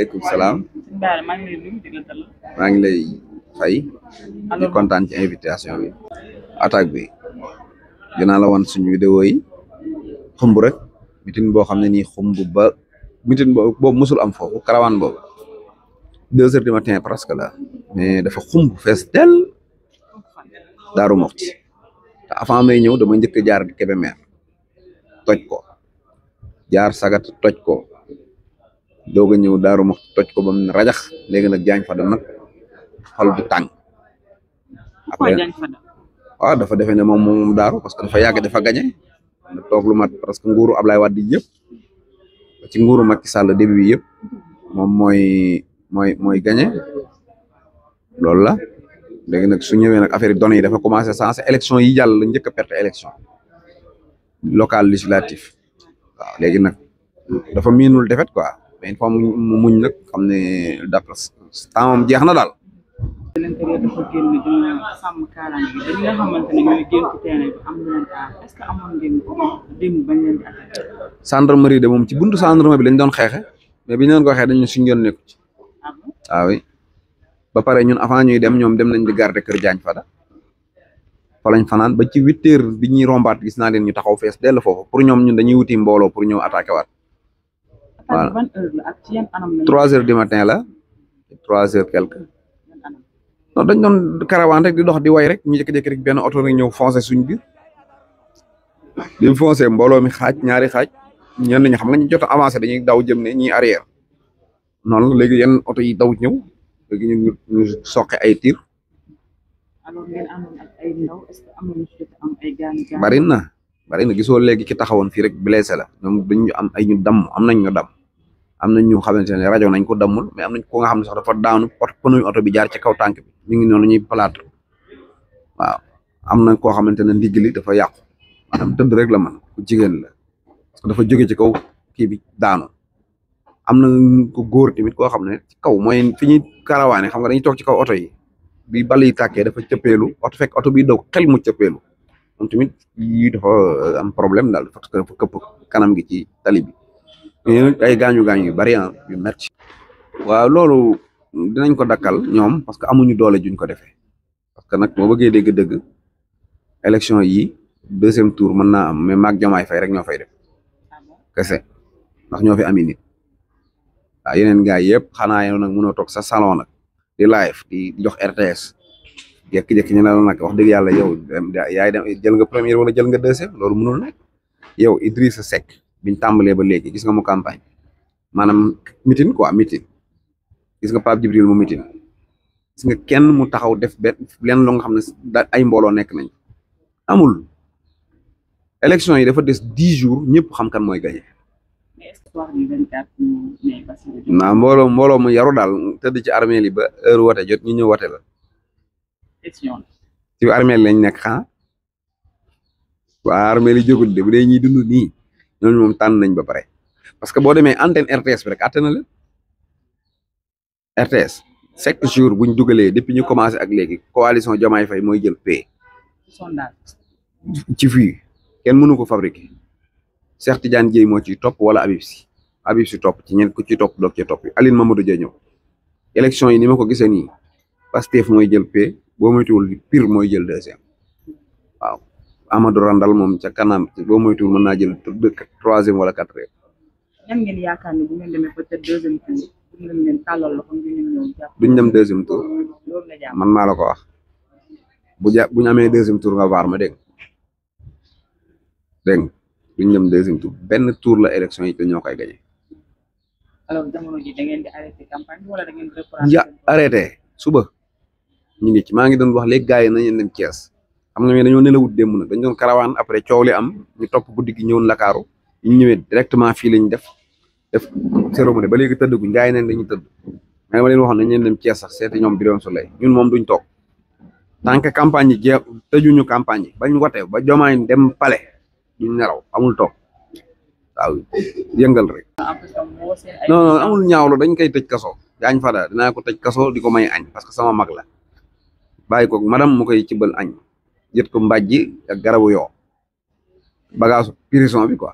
maaleykum salaam. maa ngi lay di la dalal. maa ngi lay fay. di kontaan ci invitation bi. attaque bi dinaa la wan suñu vidéo yi xumb rek mitin boo xam ne nii xumb ba mitin boobu musul am foofu karawaan boobu deux heures du matin presque la mais dafa xumb del daaru moxti te avant may ñëw dama njëkk jaar Kébémer toj ko jaar sagat toj ko doga ñew daru ma toj ko bam rajax legi nak jañ fa nak xol bu tang après ah dafa defé né mom mom daru parce que dafa yag dafa gagné da tok lu mat parce que nguru ablay wadi yépp ci nguru makki Sall début bi yépp mom moy moy moy gagné lool la legi nak su ñewé nak affaire donné dafa commencé sans élection yi jall ñëk perte élection local législatif waaw legi nak dafa minul defet quoi mais il mu muñ nak xam ne tamam temps jeex na daal l'intérieur dafa de mom ci buntu gendarmerie bi lañ doon xexé mais bi doon ko xexé dañu suñu yoon nekku ci ah, ah oui ba paré ñun avant ñuy dem ñom dem nañ di garder kër fa da fa lañ fanane ba ci 8h bi ñuy rombaat gis na leen ñu taxaw fess del fofu pour ñom ñun dañuy wuti mbolo pour ñëw attaquer wat voilà heures du matin la trois heures quelque non dañ doon caravane rek di dox di way rek ñu jékki-jékki rek benn oto rek ñëw foncé suñ biir di mu foncé mi xaaj ñaari xaaj ñenn ñi xam nga ñu jot avancé dañuy daw jëm ne ñi arrière noonu léegi yenn oto yi daw ñu ñu ay tir bari na bari na gisoo léegi ki taxawoon fii rek blessé la ñoom am ay ñu damm am nañ ñu am na ñu xamante ne rajo nañ ko dammul mais am nañ ko nga xam ne sax dafa daanu oto pënuy oto bi jaar ci kaw tànk bi ngi noonu ñuy plâtre na koo xamante ne ndigg li dafa yàqu maanaam tëdd jigéen la parce dafa jóge ci kaw kii bi daanu am na ko góor tamit koo xam ne ci kaw mooy fi ñuy karawaane xam nga dañuy toog ci kaw oto yi bi bal yi dafa cëppeelu ot fekk oto bi daw xel mu cëppeelu moom tamit yii dafa euh, am problème daal parce que dafa kanam gi ci tali bi ay gaañu gaañu yu bari ah, yu metti waaw loolu dinañ ko dakkal ñoom parce que amuñu doole juñ ko defee parce que nag boo bëggee dégg-dëgg élection yi deuxième tour mën naa am mais maag jamaay fay rek ñoo fay def kese ndax ñoo fi ami nit waaw yeneen gaay yëpp xanaa yow nag mënoo toog sa salon nag di live di jox RTS jékki-jékki ñu ne la nag wax dëgg yàlla yow yaay dem jël nga première wala jël nga deuxième loolu mënul nekk yow Idrissa Seck biñ tàmbalee ba léegi gis nga mu campagne maanaam mitin quoi mitin gis nga Pape Djibril mu mitin gis nga kenn mu taxaw def benn lenn loo nga xam ne ay mbooloo nekk nañ amul élection yi dafa des dix jours ñëpp xam kan mooy gagné. naa mbooloo mbooloo mu yaru daal te tëdd ci armée li ba heure wote jot ñu ñëw wate la. ci armée lañ nekk xanaa ah. waa armée li jógul de bu dee ñuy dund nii. ñooñu moom tànn nañ ba pare parce que boo demee antenne RTS bi rek àtte na leen RTS chaque jour buñ dugalee depuis ñu commencé ak léegi coalition Diomaye fay mooy jël paie. sondage. ci fii kenn mënu ko fabriquer Cheikh Tidiane Dièye moo ciy topp wala Habib Sy Habib Sy topp ci ñen ku ci topp doog ci topp Aline Mamadou Dia ñëw élection yi ni ma ko gisee nii Pastef mooy jël paie boo moytuwul pire mooy jël deuxième waaw. Amadou Randal mom ca kanam bo moytu mën na jël 3e wala 4e ñam ngeen yaakaar ni bu ngeen demee ba ca 2e tour duñ leen talal loxo ngeen ñëw jàpp. duñ dem 2e tour man ma la ko wax bu ja bu ñu amee tour nga war ma dégg dégg duñ dem 2e tour benn tour la élection yi té ñoo koy gagné. alors jamono ji da ngeen di arrêté campagne wala da ngeen reprendre. ya arrêté suba ñi ngi ci ma ngi doon wax lé gaay yi nañu dem Thiès. xam nga ne dañoo nelawut démb nag dañ doon karawaan après coow li am ñu top guddi gi ñëwoon Ndakaaru ñu ñëwee directement fii lañ def def cérémonie ba léegi tëddaguñ gars yi neen dañuy tëdd mais ma leen waxoon nañ leen dem Thiès sax seeti ñoom Birame Souleye ñun moom duñ toog tant que campagne yi jeex tëjuñu campagne yi bañ watee ba jomaay dem pale duñ neraw amul toog waaw yëngal rek non non amul ñaawlo dañ koy tëj kaso gaañ fada dinaa ko tëj kaso di ko may añ parce que sama mag la bàyyi ko madam mu koy cibbal jët ko mbàjji ak garabu yo bagage prison bi quoi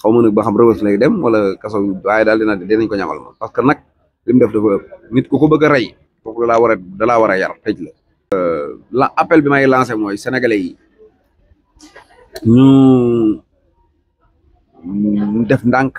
xaw nak ba xam rewes lay dem wala kasso way dal dina dinañ ko ñamal mom parce que nak lim def dafa ëpp nit ko ko bëgg ray ko la wara da la wara yar tej la euh la appel bi may lancer moy sénégalais yi ñu def ndank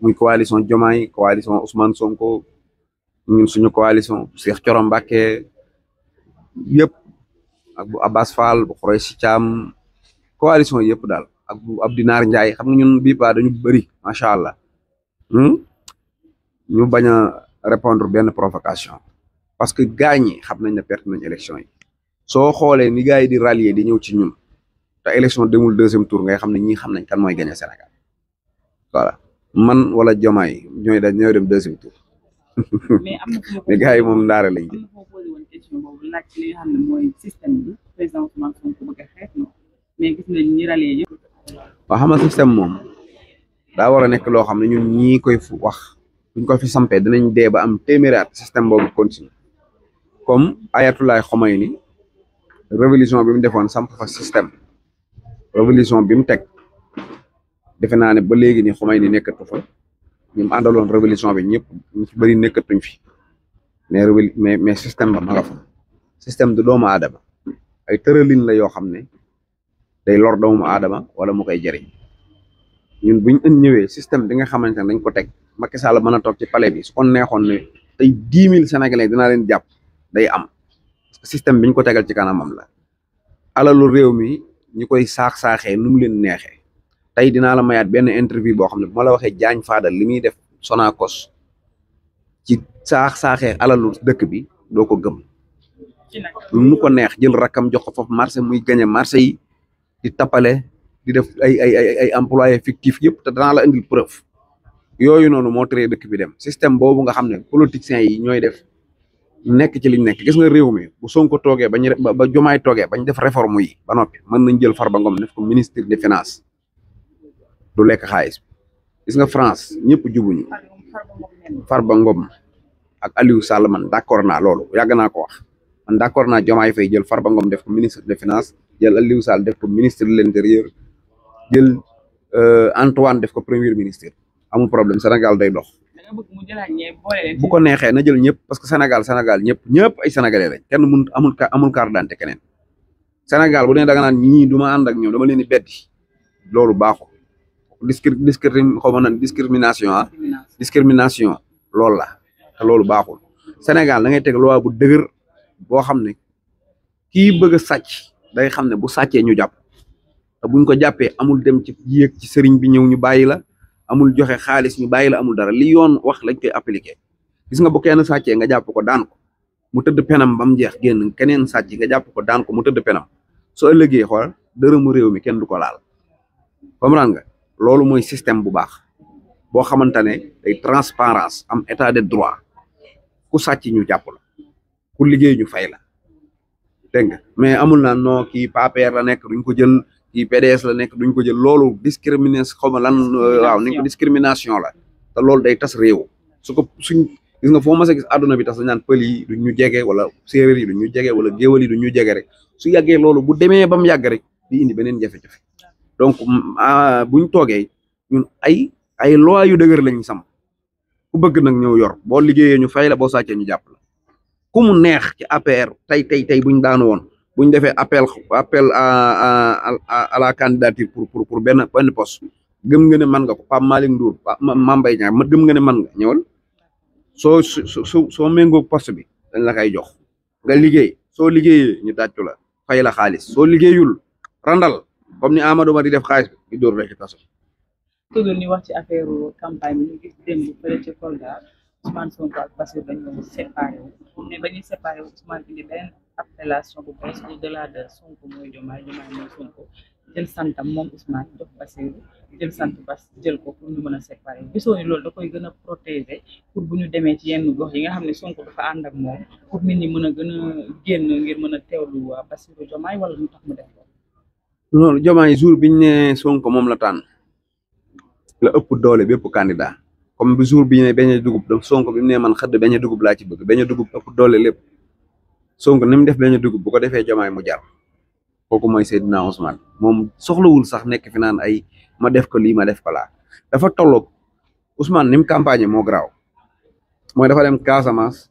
muy coalition Diomaye coalition Ousmane Sonko ñun suñu coalition Cheikh Thioro Mbacké yep ak bu Abbas Fall bu Khoureychi cham coalition yep dal ak bu Abdinar Ndiaye xam nga ñun bii ba dañu bëri macha allah hmm? ñu baña répondre ben provocation parce que gars xam nañ na perte nañ élection yi so xolé ni gaay di rallier di ñew ci ñun ta élection demul deuxième tour ngay xam na ñi xam nañ kan moy gagner Sénégal voilà man wala jomay ñoy dañ ñooy dem deuxième tour mais gars gaay mom ndaare lañ coalition boobu xam ne mooy a système moom daa war a nekk loo xam ne ñu ñii koy fu wax buñ ko fi sampee danañ dee ba am téeméeri at système boobu continue comme ayatulaay xomay ni révolution bi mu defoon samp fa système révolution bi mu teg defe naa ne ba léegi ni xomay ni nekkatu fa ñi mu àndaloon révolution bi ñëpp ñu ci bëri fi mais révolu mais mais système ba ma nga fa système du doomu aadama ay tëralin la yoo xam ne day lor doomu aadama wala mu koy jëriñ ñun buñ ën ñëwee système bi nga xamante ne dañ ko teg Macky Sall mën a toog ci pale bi su ko neexoon ne tey dix mille sénégalais dinaa leen jàpp day am parce que système biñ ko tegal ci kanamam la alalu réew mi ñu koy saax-saaxee nu mu leen neexee tey dinaa la mayaat benn interview boo xam ne bu ma la waxee jaañ faadal li muy def Sonacos ci saax saaxee alalu dëkk bi doo ko gëm lu nu ko neex jël rakkam jox ko foofu marché muy gañe marché yi di tappale di def ay ay ay ay employé fictif yëpp te danaa la indil preuve yooyu noonu moo tere dëkk bi dem système boobu nga xam ne politiciens yi ñooy def nekk ci liñ nekk gis nga réew mi bu Sonko toogee bañ ba Jomaay toogee bañ def réforme yi ba noppi mën nañ jël Farba Ngom def ko ministre de finances du lekk xaalis gis nga France ñëpp jubuñu Farbangom, Ngom ak Aliou Sall man d'accord na loolu yàgg naa ko wax man d'accord na jomay fay jël Farba Ngom def ko ministre des finances jël Aliou Sall def ko ministre de l'intérieur jël euh, Antoine def ko premier ministre amul problème Sénégal day dox. bu ko nexé na jël ñëpp parce que Sénégal Sénégal ñëpp ñëpp ay sénégalais lañ kenn mu amul amul carte d'identité keneen Sénégal bu dee da nga nan ñi duma and ak ñoom dama leen di beddi loolu baaxul discrimination ah discrimination lool la té loolu baaxul Sénégal da ngay teg loi bu dëgër bo xamné ki bëgg sacc day xamné bu saccé ñu japp té buñ ko jappé amul dem ci yek ci sëriñ bi ñëw ñu bayyi la amul joxé xaaliss ñu bayyi la amul dara li yoon wax lañ koy appliquer gis nga bu kenn saccé nga japp ko daan ko mu tëdd penam bam jeex genn keneen sacc nga japp ko daan ko mu tëdd penam soo ëllëgee xool dërëmu réew mi kenn du ko laal comprendre nga loolu mooy système bu baax bo xamantane day transparence am état de droit ku sacc ñu japp la ku liggéey ñu fay la deng mais amul na no ki papier la nekk duñ ko jël ki PDS la nekk duñ ko jël lolu discrimination xoma lan euh, waaw ni ko discrimination la te lolu day tass rew su ko suñ gis nga fo ma sa gis aduna bi tass ñaan peul yi duñ ñu jégué wala séeréer yi duñ ñu jégué wala géwal yi duñ ñu jégué rek su yàggee lolu bu démé bam mu rek di indi benen jafé jafé donc ah, buñ togué ñun ay ay loi yu deuguer lañ sam ku bëgg nak ñew yor bo liggéey ñu fay la bo saccé ñu japp la ku mu neex ci APR tay tay tay buñ daan won buñ défé appel appel à à à la candidature pour pour pour ben ben poste gëm nga ne man nga ko Pape malik Ndour ma Mbaye ñaar ma gëm nga ne man nga ñewal so so so mengo poste bi dañ la kay jox nga liggéey so liggéey ñu daccu la fay la xaaliss so liggéeyul randal comme ni Amadou ma di def xaaliss bi door rek ci toujours ñu wax ci affaire campagne bi ñu gis démb fële ci Kolda Ousmane Sonko ak Bassirou dañoo séparé wu mais ba ñuy séparé bu bees au de Sonko mooy Jomaay Jomaay mooy Sonko jël santam moom Ousmane jox Bassirou jël sant Bass jël ko pour mën a séparé gisoo ni loolu da koy gën a bu ñu demee ci yenn gox yi nga xam ne Sonko dafa ànd ak moom pour nit ñi mën a gën a génn ngir mën a teewlu waa Bassirou Jomaay wala ñu tax mu def loolu. loolu Jomaay jour biñ ne Sonko moom la tànn. la ëpp doole bépp candidat comme bu jour bi ñu ne dugub donc Sonko bi mu ne man xëdd beñe dugub laa ci bëgg beñe dugub ëpp doole lépp Sonko ni mu def beñe dugub bu ko defee jomaay mu jar kooku mooy Seydina Ousmane moom soxlawul sax nekk fi naan ay ma def ko lii ma def ko laa dafa tolloog Ousmane ni mu campagne moo garaaw mooy dafa dem Casamance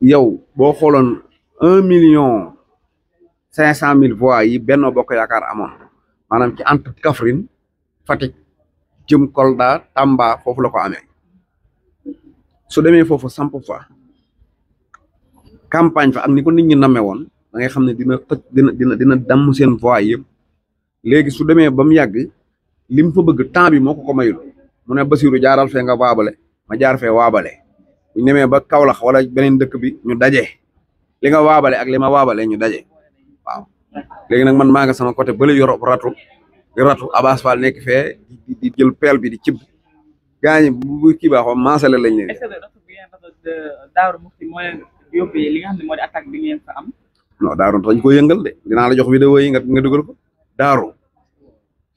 yow boo xooloon un million cinq cent mille voix yi Benno Bokk Yaakaar amoon maanaam ci entre Kaffrine Fatick jëm Kolda Tamba foofu la ko amee su demee foofu samp fa campagne fa ak ni ko nit ñi namee woon da ngay xam ne dina toj dina dina dina damm seen voix yëpp léegi su demee ba mu yàgg li mu fa bëgg temps bi moo ko ko mayul mu ne Basiru jaaral fee nga waabale ma jaar fe waabale bu ñu ba Kaolack wala beneen dëkk bi ñu daje li nga waabale ak li ma waabale ñu daje waaw léegi nag man maa nga sama côté bële Europe ratu ratu abas fal nek fe di di jël pel bi di cib gañ bu kii baaxoo maasale lañ leen. est ce leen yóbbee li nga dañ ko yëngal de dina la jox video yi nga nga dugal ko daru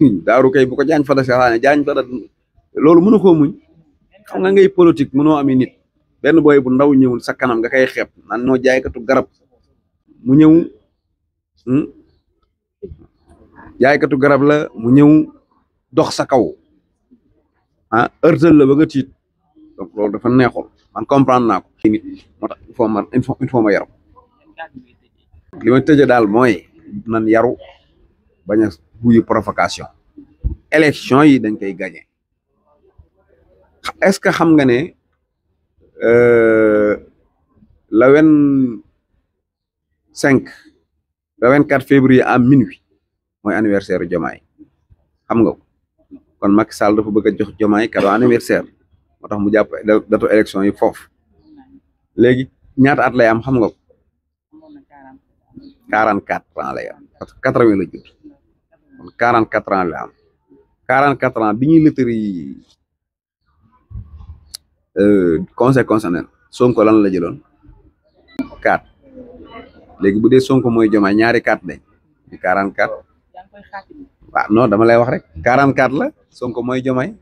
hmm, daru kay bu ko jañ fa da seetaane jaañ fa da lolu mënu ko muñ xam nga ngay politique mënoo am nit benn boy bu ndaw ñewul sa kanam nga kay xép nan no jaay katu garab mu ñew hmm? jaaykatu garab la mu ñëw dox sa kaw ah heurtal la ba nga tiit donc loolu dafa neexul man comprendre naa ko nit moo tax il faut ma il ma yaru li daal mooy nan yaru bañ a buyu provocation élection yi dañ koy gagné est-ce que xam nga ne euh, la vingt cinq la vingt quatre février à minuit moy anniversaire jomay xam nga kon Macky Sall dafa bëgg jox jomay cadeau anniversaire motax mu japp dato election yi fof legi ñaata at lay am xam nga 44 ans lay am 80 la jott 44 ans lay am 44 ans bi ñuy euh conseil constitutionnel Sonko lan la jëlone 4 legi budé Sonko moy jomay ñaari 4 lañ 44. waaw non dama lay wax rek 44 la Sonko mooy Diomaye